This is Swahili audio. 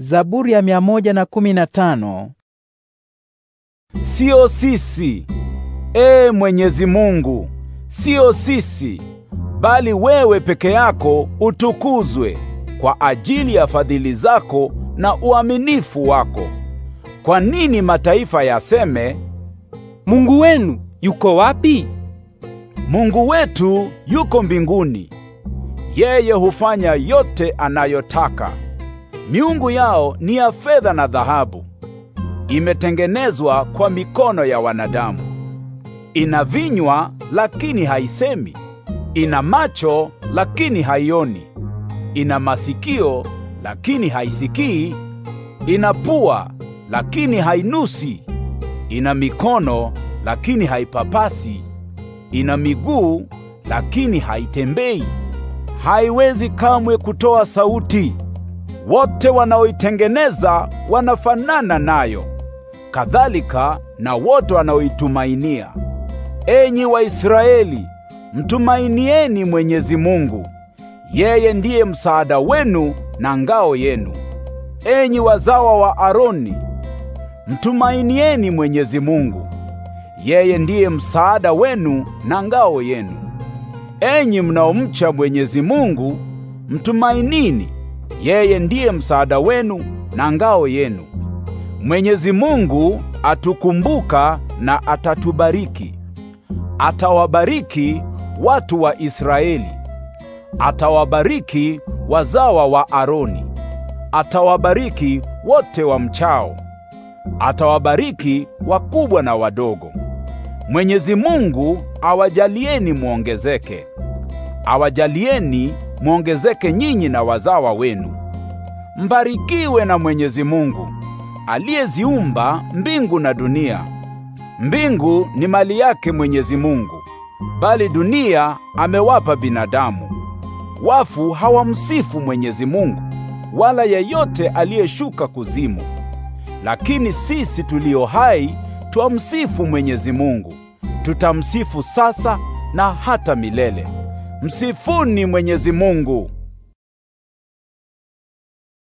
Zaburi ya 115. Sio sisi, e Mwenyezi Mungu, sio sisi, bali wewe peke yako utukuzwe kwa ajili ya fadhili zako na uaminifu wako. Kwa nini mataifa yaseme, Mungu wenu yuko wapi? Mungu wetu yuko mbinguni. Yeye hufanya yote anayotaka. Miungu yao ni ya fedha na dhahabu, imetengenezwa kwa mikono ya wanadamu. Ina vinywa lakini haisemi, ina macho lakini haioni, ina masikio lakini haisikii, ina pua lakini hainusi, ina mikono lakini haipapasi, ina miguu lakini haitembei, haiwezi kamwe kutoa sauti wote wanaoitengeneza wanafanana nayo, kadhalika na wote wanaoitumainia. Enyi Waisraeli, mtumainieni Mwenyezi Mungu, yeye ndiye msaada wenu na ngao yenu. Enyi wazawa wa Aroni, mtumainieni Mwenyezi Mungu, yeye ndiye msaada wenu na ngao yenu. Enyi mnaomcha Mwenyezi Mungu, mtumainini yeye ndiye msaada wenu na ngao yenu. Mwenyezi Mungu atukumbuka na atatubariki. Atawabariki watu wa Israeli. Atawabariki wazawa wa Aroni. Atawabariki wote wa mchao. Atawabariki wakubwa na wadogo. Mwenyezi Mungu awajalieni muongezeke. Awajalieni mwongezeke nyinyi na wazawa wenu. Mbarikiwe na Mwenyezi Mungu aliyeziumba mbingu na dunia. Mbingu ni mali yake Mwenyezi Mungu, bali dunia amewapa binadamu. Wafu hawamsifu Mwenyezi Mungu wala yeyote aliyeshuka kuzimu, lakini sisi tulio hai twamsifu Mwenyezi Mungu, tutamsifu sasa na hata milele. Msifuni Mwenyezi Mungu.